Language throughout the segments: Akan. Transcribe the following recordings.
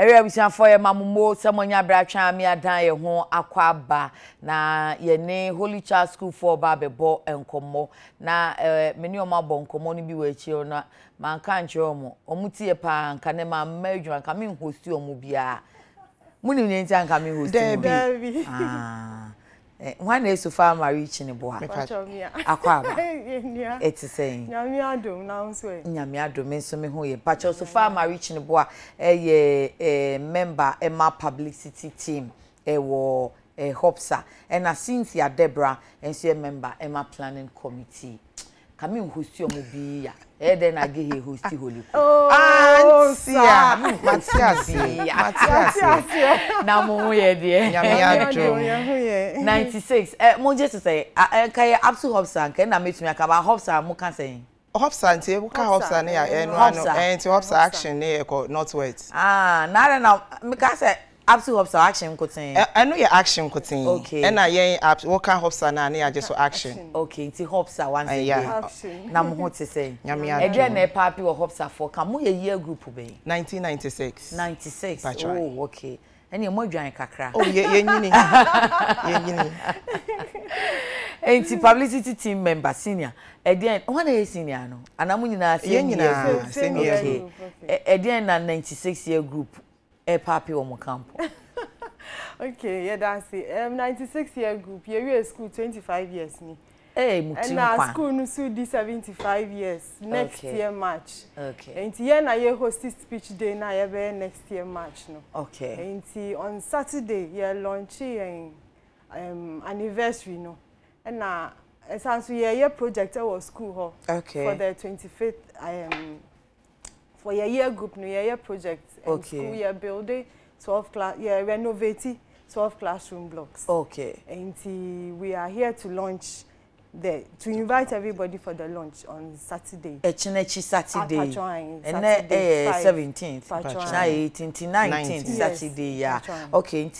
ɛwɛ abusuafoɔ yɛ mamomo sɛ mɔnya abratwa ame adan yɛ ho akɔ aba na yɛne holy child school foɔ ba abɛbɔ nkɔmmɔ na ɛɛ eh, me ne ɔmo abɔ nkɔmmɔ no bi wɔ akyire na manka nkyerɛ ɔmo ɔmo ti yɛ paa nka ne ma mma adwuma nka me nhosti ɔmo biara mo nim ne nti anka me nhosti mo bi. Eh, nwanne esofa amara ichi ni bụ ha akọ aba eti eh, sẹyin nyame adum na nso yi e. nyame adum nso mi ho yɛ mpakyɛ sofa amara ichi ni bụ ha ɛyɛ ɛɛ member ɛma eh, publicity team ɛwɔ ɛɛ hopsa ɛna cynthia debra nso yɛ member ɛma planning committee kàmí n hosi ọmọ bi ya ẹ eh, dẹ na gehe hosi holiko. Oh, ansi a mati ase mati ase na mo ho yẹ deɛ. nyamiya dùn. ninety six ɛ mo jẹ sisẹ ɛ nka yẹ absu hopsa nka ẹ na mẹtumi akaba hopsa mo kan sẹyin. hopsa nti ebu ka hopsa ne ya ɛnu ano ɛnti hopsa action ne eh, yɛ kɔ north west. aa ah, n'ale na mi ka sɛ. Apsu Hopsa action eh, I know your action kotin. Okay. And Ɛna yɛn wɔka Hopsa na ne just so action. Okay nti Hopsa once eh, again. Na mo ho te sɛ. Nyame adu. Ɛdɛ na ɛpaapi e wɔ Hopsa fɔ ka mo yɛ year group bɛyi. 1996. 96. Oh okay. Ɛna mo adwan kakra. Oh yɛ yɛ nyini. Yɛ nyini. Eh, nti publicity team member senior. Ɛdɛ wɔn na senior no. Ana mo nyinaa senior. Yɛ nyinaa senior. Okay. Ɛdɛ na 96 year group ɛpaapi wɔn kampo. okay yeah, yɛda ase um, ninety six year group yɛwie school 25 years ni. Hey, eh, ɛna school no so di seventy five years next okay. year march okay. nti yɛn na yɛ host speech day na yɛbɛyɛ next year march no okay. nti on saturday yɛ launch yɛn um, anniversary no ɛna ɛsan so yɛyɛ project at school hɔ okay. for the twenty fifth um, for your year group no your year project and okay. school year building 12 class yeah renovate 12 classroom blocks okay and we are here to launch the to invite everybody for the launch on Saturday. Echinechi Saturday. And then eh, seventeenth, eighteenth, nineteenth Saturday. Yeah. Okay.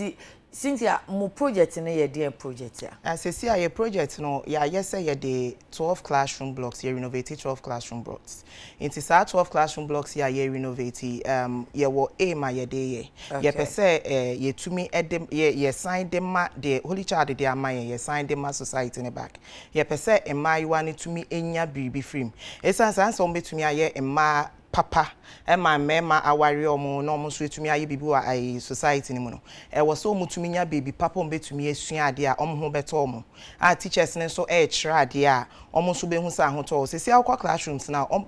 Cynthia, mo project no yɛ deɛ project a. Asese a yɛ project no yɛayɛ sɛ yɛde twelve classroom blocks yɛ renovate twelve classroom blocks nti saa twelve classroom blocks yɛ a yɛ renovate um, yɛwɔ aim a yɛde yɛ yɛpɛ sɛ ɛɛ eh, yɛtumi ɛde e yɛ yɛsan de ma deɛ holy child de ama yɛn yɛsan de ma society ne back yɛpɛ sɛ e mmaayewa ne tumi enya biribi firim esan saa nsa wɔn betumi ayɛ e mmaa papa eh, ma mmarima aware ɔmo na ɔmo nso etumi ayɛ biribi wɔ ayi society no mu no ɛwɔ eh, sɛ ɔmo tumi nya baabi papa ɔmo betumi esua adeɛ a ɔmo ho bɛtɔ ɔmo a ah, teachers ne nso ɛɛkyerɛ eh, adeɛ a ɔmo nso behu sɛ ahotɔ ɔ sisi akɔ classrooms na ɔmo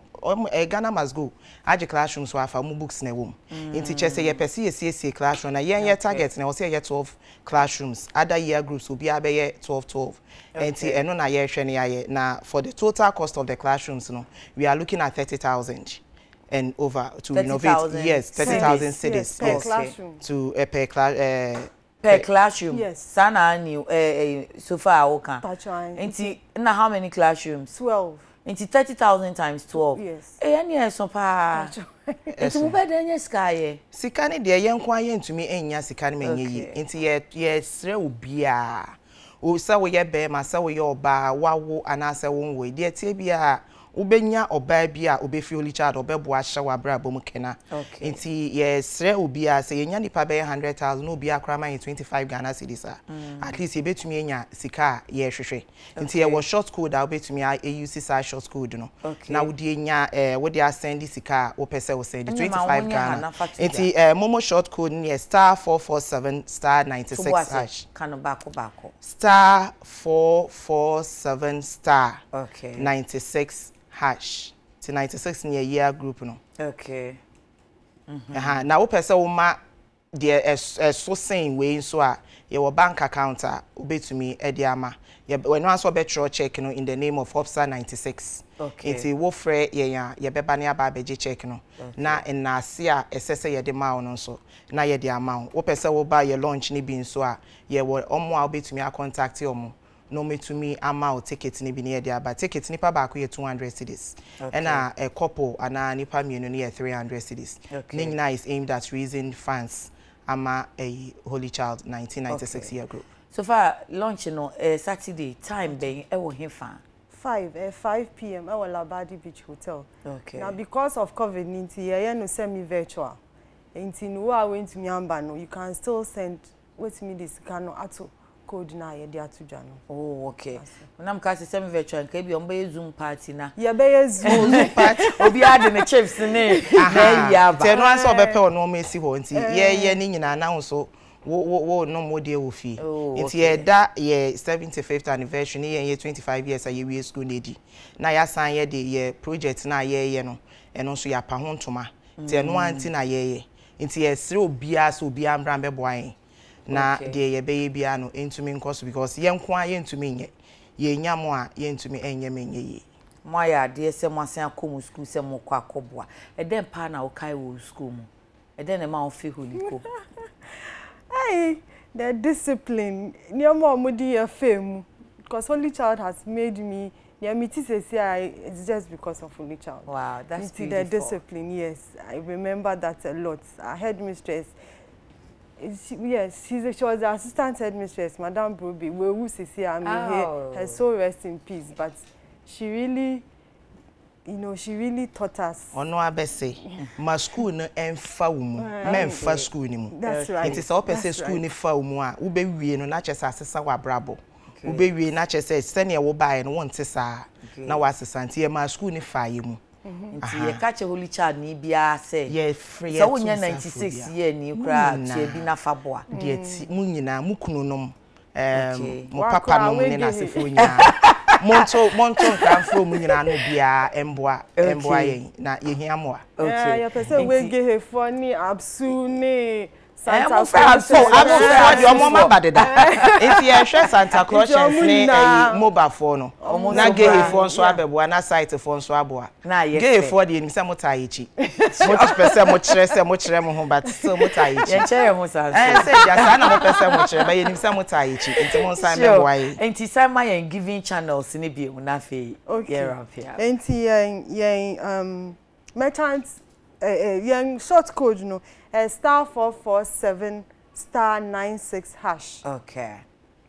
ɛɛ Ghana must go agye classrooms wɔ afa ɔmo books na ɛwɔ mu nti mm. kyerɛ sɛ yɛpɛ si yɛsiesie classroom na yɛn yɛ target na ɔsɛ yɛ twelve classrooms other year groups obiara bɛyɛ twelve twelve nti ɛno na yɛrehwɛ ne yɛayɛ na for the total cost of the classrooms no we are looking at thirty thousand and over to 30, renovate. 000. Yes, 30,000 cities. Yes, per yes, classroom. to uh, per classroom. Uh, eh, per classroom. Yes. Sana ni eh uh, eh, so far awoka. Nti na how many classrooms? 12. Nti 30,000 times 12. Yes. Eh ani eso pa. Nti mo be den ye sika ye. Sika ni de ye nko aye ntumi enya sika ni menye yi. Nti ye ye sre obi a. O sa wo ye be ma sa wo ye oba wawo anase wo nwe. De tie bia wobɛnya ɔbaa bi a wobɛfi holy child ɔbɛboa hyɛ w'abrabɔ mu kena okay. nti yɛsrɛ obi a sɛ yɛnya nipa bɛyɛ 100000 na obi akora ma yɛ 25 ghana cities a mm. at least yɛbɛtumi anya sika a yɛrehwehwɛ okay. nti yɛwɔ short code a wobɛtumi ɛuse saa short code no na wode nya eh, wode asɛnde sika a wopɛ sɛ wosɛnde 25 ghana nti eh, momo short code no yɛ star 447 star 96 hash star 447 star okay. 96 hash ti 96 ne year group no okay mm -hmm. aha na wo pese wo ma deɛ ɛso sen wei nso a yɛwɔ bank account a wobɛtumi de ama wɔno nso wɔbɛtwerɛ check no in the name of Officer 96 okay. wo nti wofrɛ yɛn a yɛbɛba ne aba abɛgye check no okay. na nnaase a ɛsɛ sɛ yɛde ma wo no nso na yɛde ama wo wopɛ sɛ woba yɛ launch no bi nso a yɛwɔ ɔmo a wobɛtumi acontact Omo na ɔmɛtumi me, wo ticket no bi ne yɛde aba ticket nipa baako yɛ 200 cities ɛna okay. a couple anaa nipa mi no yɛ 300 cities okay. ne eh, nyinaa is aimed at raising funds ama a holy child 1996 okay. year group so far launch no uh, saturday time bɛn ɛwɔ eh, he fa five eh, five pm ɛwɔ labadi beach hotel okay. Now because of covid ni nti yɛyɛ no semi virtual nti no wo a wɔntumi amba no you can still send wɔtumi me this no ato code na yɛde ato dwa no oh okay nam ka sɛ me virtual nka bi ɔmbɛyɛ zoom party na yɛbɛyɛ zoom party obi de ne chips ne na yi aba tɛ no ansɛ ɔbɛpɛ wɔ nɔɔma ɛsi hɔ nti eh. yɛyɛ ni nyina na ho so wo wo wo nom wo deɛ wɔ fie oh, nti yɛda yɛ seventy fifth anniversary ne yɛn yɛ twenty five years a yɛwie school na edi na yɛasan yɛ de yɛ project na yɛyɛ no ɛno nso pa ho ntoma nti ɛno anti na yɛyɛ nti yɛsrɛ obiara sɛ obiara mbra mbɛboa yɛn na deɛ yɛbɛyɛ biara no ntumi nkɔ so because yɛn nko a yɛntumi nyɛ yɛnya mo a yɛntumi nyɛ ma nyɛ yie mo ayɛ adeɛ sɛ mo asan akɔ mo sukuu sɛ mo kɔ akɔboa ɛdɛn paa na wokae wɔ sukuu mu ɛdɛn na ma wofe holiko ai the discipline nneɛma a wɔde yɛ fɛ mu because Holy child has made me yeah, me tis say I it's just because of only child. Wow, that's me beautiful. the discipline, yes. I remember that a lot. I had mistress Eh, yes, she's a, she was the assistant headmistress, Madame Broby. Wewu Sisi Ami oh. here. Her soul rest in peace. But she really, you know, she really taught us. Oh no, Ono abese, ma school no emfa umu, me emfa school ni mu. That's right. It is all person school ni fa umu Ube wie no na chesa asesa wa brabo. Ube wie na chesa sene wo bae no one chesa Na wa asesa nti e school ni fa umu. Mhm. nti yɛka kyɛ holy child ne biara sɛ sɛ wonyɛ 96 year ni koraa tua bi nafa boa deɛ ti mu nyinaa mu kunu nom mo papa nom ne n'asefoɔ nyinaa monto monto nkranfoɔ mu nyinaa no biara mboa mboa yɛn na yɛhia mmoa yɛpɛ sɛ wege hefoɔ ne absu ne santa eh, claus so amofra de ọmọ ma ba deda nti ɛhwɛ santa Claus ne ɛyi mobile no na gehefoɔ nso abɛboa na saitefoɔ nso aboa gehefoɔ deɛ nim sɛ mo taa akyi mo ti pɛ sɛ mo kyerɛ sɛ mo kyerɛ mo ho but still mo taa akyi yɛn kyerɛ yɛn ho saa nso ɛn sɛ na mo pɛ eh, mo kyerɛ bɛ yɛn nim sɛ mo taa nti mo nsa bɛboa yi. nti sɛ ma yɛn giving channels ne bi mu n'afɛ yɛn rapia. nti yɛn yɛn um, merchant. Young short code no star four four seven star nine six hash. okay.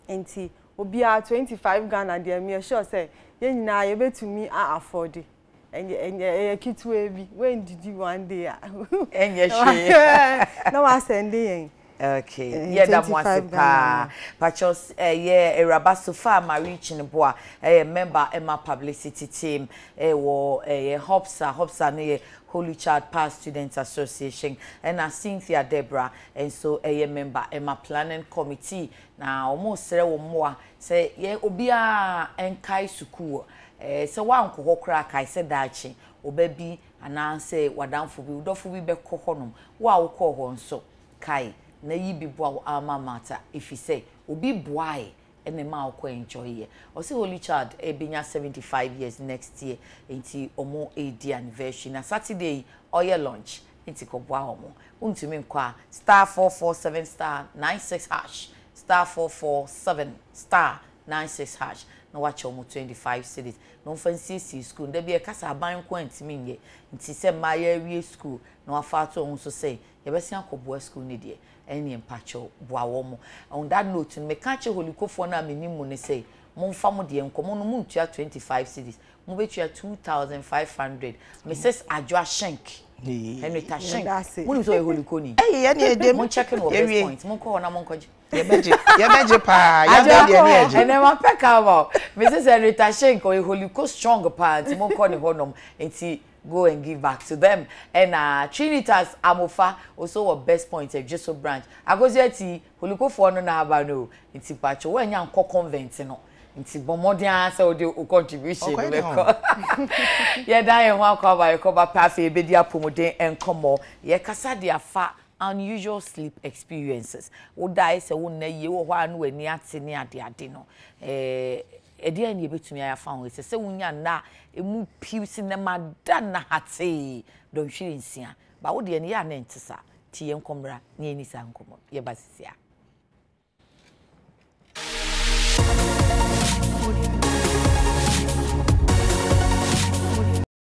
nti obiara twenty five ghana deɛ e mi ɛhyɛ ɔsɛ yɛn nyinaa yɛbɛtumi a afɔde ɛyɛ ketewa bi wɛn didi one day a. ɛnyɛ hwee na wasɛnde yɛn okay eh, Yeah, that yɛ da mo ase paa pachos ɛyɛ far my reach in a ɛyɛ eh, member Emma eh, publicity team ɛwɔ ɛyɛ hopsa hopsa no yɛ holy child past student association And a cynthia debra nso ɛyɛ member Emma planning committee na wɔn srɛ wɔn mmoa sɛ yɛ obiara nkae sukuu ɛɛ sɛ wankɔ hɔ koraa kae sɛ daakye ɔbɛ bi anaasɛ wadanfo bi wodɔfo bi bɛkɔ hɔnom wo a wokɔɔ hɔ kai. kae na yi bi boa ama mata ɛfiri sɛ obi boae ɛna ɛma akɔ enjoy yɛ ɔsɛ holy child ɛbɛnya eh, seventy five years next year nti ɔmo ɛredi anniversary na saturday ɔyɛ lunch nti kɔboa ɔmo ntumi nkɔ a star four four seven star nine six hash star four four seven star nine six hash na wakyɛ wɔn twenty five cities na wɔn fa nsiesie school ndabi ɛkasa aban nko ntumi nyɛ nti sɛ mmaayɛ awie school na wafa ato wɔn so sɛ yɛbɛsi akɔboa school ne deɛ ɛne mpakyɛw boa wɔn on that note mɛka kyɛ holikofoɔ no a mɛnim mu ne sɛ momfa mo deɛ nkɔmmɔ no twenty five cities two mobɛtua 2500 mrs adwoa shenk henrita shenk wonim sɛ ɔyɛ holikoni monkyɛke no wɔ best point monkɔ hɔ na monkɔgye yɛbɛgye paa yɛbɛdeɛ ne yɛgye ɛnɛ mapɛ ka ma mrs henrita shenk ɔyɛ holiko strong paa nti monkɔ ne hɔnom nti go and give back to them. And Trinitas Amofa also a best point at Jeso branch. Agosi ti, huliko for no na abano, inti pacho, when yan ko convent no nti bɔ mmɔden ara sɛ wode wo contribution no bɛkɔ yɛda yɛn ho akɔ aba yɛkɔba pɛ afei yɛbɛdi apɔmuden nkɔmmɔ yɛkasa de afa unusual sleep experiences wodae sɛ wonna yie wɔ hɔ a no w'ani ate ne adeade no ɛdeɛ ne yɛbɛtumi ayɛafa ho sɛ sɛ wonya nna a ɛmu piw si na mada na hatee dɔnhwere nsia ba wodeɛ no yɛ a ne nte saa nti yɛnkɔmmra ne yɛni saa nkɔmmɔ yɛba sesia